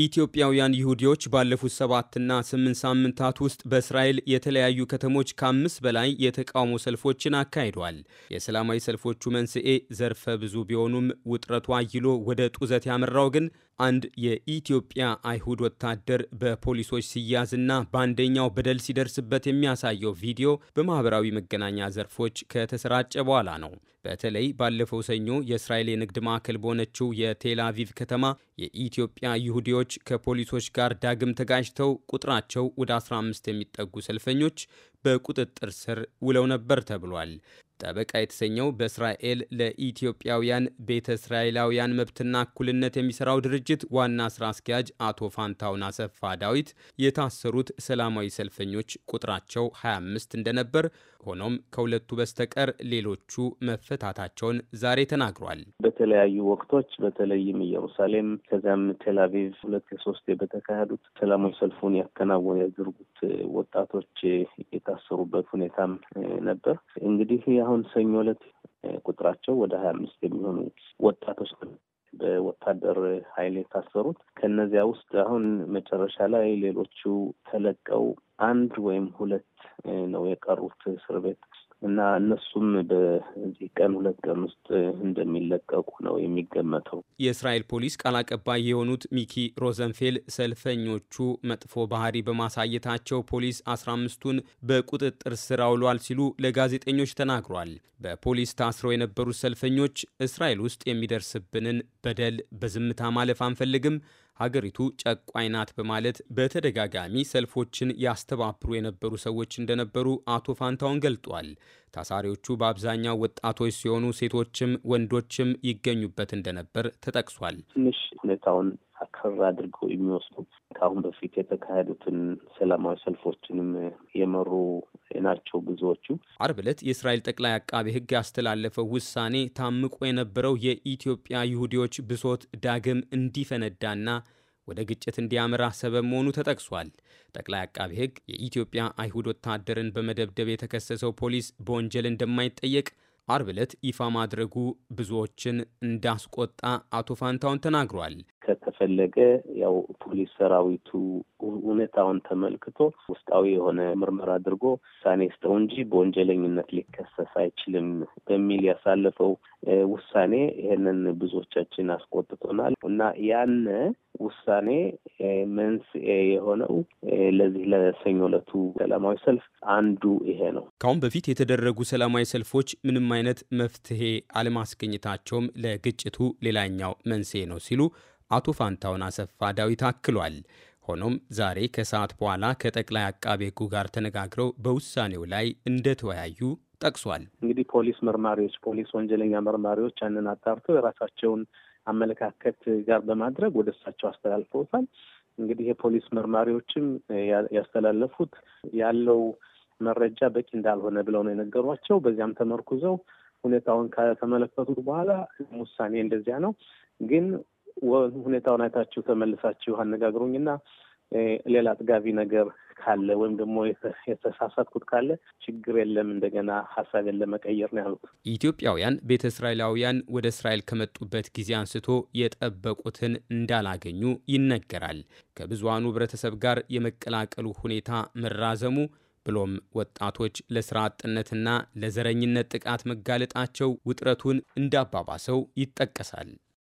ኢትዮጵያውያን ይሁዲዎች ባለፉት ሰባትና ስምንት ሳምንታት ውስጥ በእስራኤል የተለያዩ ከተሞች ከአምስት በላይ የተቃውሞ ሰልፎችን አካሂዷል። የሰላማዊ ሰልፎቹ መንስኤ ዘርፈ ብዙ ቢሆኑም ውጥረቱ አይሎ ወደ ጡዘት ያመራው ግን አንድ የኢትዮጵያ አይሁድ ወታደር በፖሊሶች ሲያዝና በአንደኛው በደል ሲደርስበት የሚያሳየው ቪዲዮ በማህበራዊ መገናኛ ዘርፎች ከተሰራጨ በኋላ ነው። በተለይ ባለፈው ሰኞ የእስራኤል የንግድ ማዕከል በሆነችው የቴል አቪቭ ከተማ የኢትዮጵያ ይሁዲዎች ከፖሊሶች ጋር ዳግም ተጋጅተው ቁጥራቸው ወደ 15 የሚጠጉ ሰልፈኞች በቁጥጥር ስር ውለው ነበር ተብሏል። ጠበቃ የተሰኘው በእስራኤል ለኢትዮጵያውያን ቤተ እስራኤላውያን መብትና እኩልነት የሚሰራው ድርጅት ዋና ስራ አስኪያጅ አቶ ፋንታውን አሰፋ ዳዊት የታሰሩት ሰላማዊ ሰልፈኞች ቁጥራቸው 25 እንደነበር ሆኖም ከሁለቱ በስተቀር ሌሎቹ መፈታታቸውን ዛሬ ተናግሯል። በተለያዩ ወቅቶች በተለይም ኢየሩሳሌም ከዚያም ቴላቪቭ ሁለት ሶስት በተካሄዱት ሰላማዊ ሰልፉን ያከናወኑ ያደርጉት ወጣቶች የታሰሩበት ሁኔታም ነበር። እንግዲህ አሁን ሰኞ ዕለት ቁጥራቸው ወደ ሀያ አምስት የሚሆኑ ወጣቶች በወታደር ኃይል የታሰሩት ከነዚያ ውስጥ አሁን መጨረሻ ላይ ሌሎቹ ተለቀው አንድ ወይም ሁለት ነው የቀሩት እስር ቤት እና እነሱም በዚህ ቀን ሁለት ቀን ውስጥ እንደሚለቀቁ ነው የሚገመተው። የእስራኤል ፖሊስ ቃል አቀባይ የሆኑት ሚኪ ሮዘንፌል ሰልፈኞቹ መጥፎ ባህሪ በማሳየታቸው ፖሊስ አስራ አምስቱን በቁጥጥር ስር አውሏል ሲሉ ለጋዜጠኞች ተናግሯል። በፖሊስ ታስረው የነበሩት ሰልፈኞች እስራኤል ውስጥ የሚደርስብንን በደል በዝምታ ማለፍ አንፈልግም ሀገሪቱ ጨቋኝ ናት በማለት በተደጋጋሚ ሰልፎችን ያስተባብሩ የነበሩ ሰዎች እንደነበሩ አቶ ፋንታውን ገልጧል። ታሳሪዎቹ በአብዛኛው ወጣቶች ሲሆኑ ሴቶችም ወንዶችም ይገኙበት እንደነበር ተጠቅሷል። ትንሽ ሁኔታውን አከር አድርገው የሚወስዱት ከአሁን በፊት የተካሄዱትን ሰላማዊ ሰልፎችንም የመሩ ናቸው ብዙዎቹ። አርብ ዕለት የእስራኤል ጠቅላይ አቃቢ ሕግ ያስተላለፈው ውሳኔ ታምቆ የነበረው የኢትዮጵያ ይሁዲዎች ብሶት ዳግም እንዲፈነዳና ወደ ግጭት እንዲያመራ ሰበብ መሆኑ ተጠቅሷል። ጠቅላይ አቃቤ ሕግ የኢትዮጵያ አይሁድ ወታደርን በመደብደብ የተከሰሰው ፖሊስ በወንጀል እንደማይጠየቅ አርብ ዕለት ይፋ ማድረጉ ብዙዎችን እንዳስቆጣ አቶ ፋንታውን ተናግሯል። ከተፈለገ ያው ፖሊስ ሰራዊቱ እውነታውን ተመልክቶ ውስጣዊ የሆነ ምርመራ አድርጎ ውሳኔ ስጠው እንጂ በወንጀለኝነት ሊከሰስ አይችልም በሚል ያሳለፈው ውሳኔ ይህንን ብዙዎቻችን አስቆጥቶናል እና ያነ ውሳኔ መንስኤ የሆነው ለዚህ ለሰኞ ዕለቱ ሰላማዊ ሰልፍ አንዱ ይሄ ነው። ከአሁን በፊት የተደረጉ ሰላማዊ ሰልፎች ምንም አይነት መፍትሄ አለማስገኘታቸውም ለግጭቱ ሌላኛው መንስኤ ነው ሲሉ አቶ ፋንታውን አሰፋ ዳዊት አክሏል። ሆኖም ዛሬ ከሰዓት በኋላ ከጠቅላይ አቃቤ ሕጉ ጋር ተነጋግረው በውሳኔው ላይ እንደተወያዩ ጠቅሷል። እንግዲህ ፖሊስ መርማሪዎች ፖሊስ ወንጀለኛ መርማሪዎች ያንን አጣርተው የራሳቸውን አመለካከት ጋር በማድረግ ወደ እሳቸው አስተላልፈውታል። እንግዲህ የፖሊስ መርማሪዎችም ያስተላለፉት ያለው መረጃ በቂ እንዳልሆነ ብለው ነው የነገሯቸው። በዚያም ተመርኩዘው ሁኔታውን ከተመለከቱት በኋላ ውሳኔ እንደዚያ ነው ግን ሁኔታውን አይታችሁ ተመልሳችሁ አነጋግሩኝና ሌላ አጥጋቢ ነገር ካለ ወይም ደግሞ የተሳሳትኩት ካለ ችግር የለም፣ እንደገና ሀሳቤን ለመቀየር ነው ያሉት። ኢትዮጵያውያን ቤተ እስራኤላውያን ወደ እስራኤል ከመጡበት ጊዜ አንስቶ የጠበቁትን እንዳላገኙ ይነገራል። ከብዙሃኑ ህብረተሰብ ጋር የመቀላቀሉ ሁኔታ መራዘሙ ብሎም ወጣቶች ለስራ አጥነትና ለዘረኝነት ጥቃት መጋለጣቸው ውጥረቱን እንዳባባሰው ይጠቀሳል።